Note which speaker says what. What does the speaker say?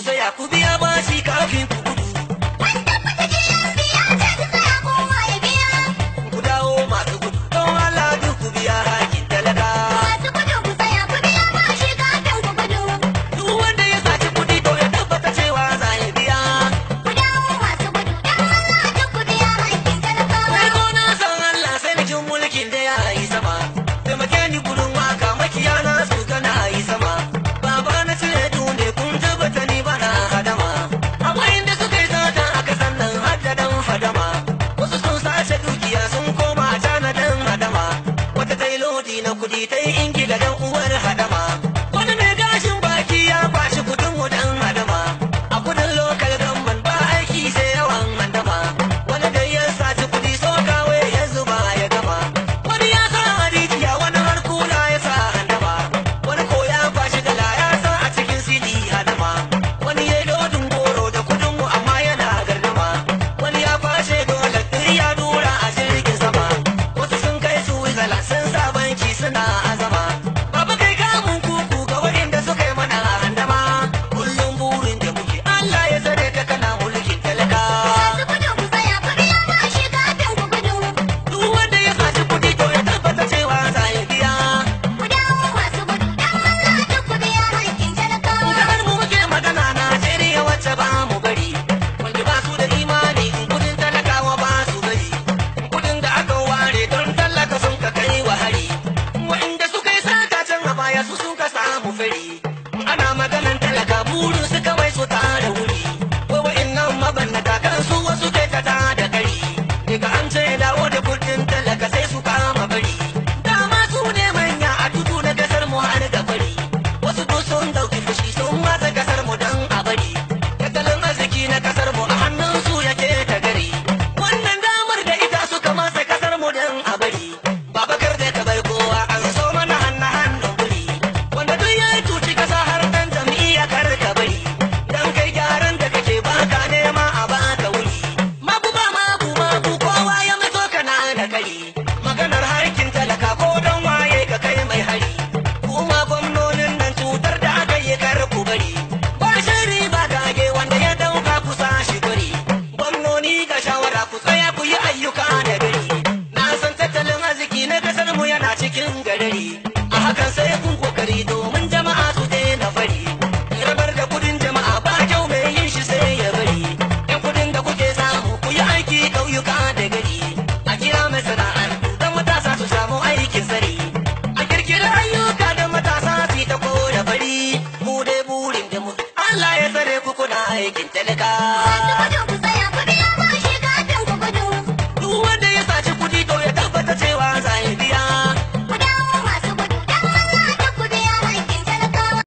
Speaker 1: ku saya ku biya bashi kafin ku ki ta yi mu bari ana maganan ay,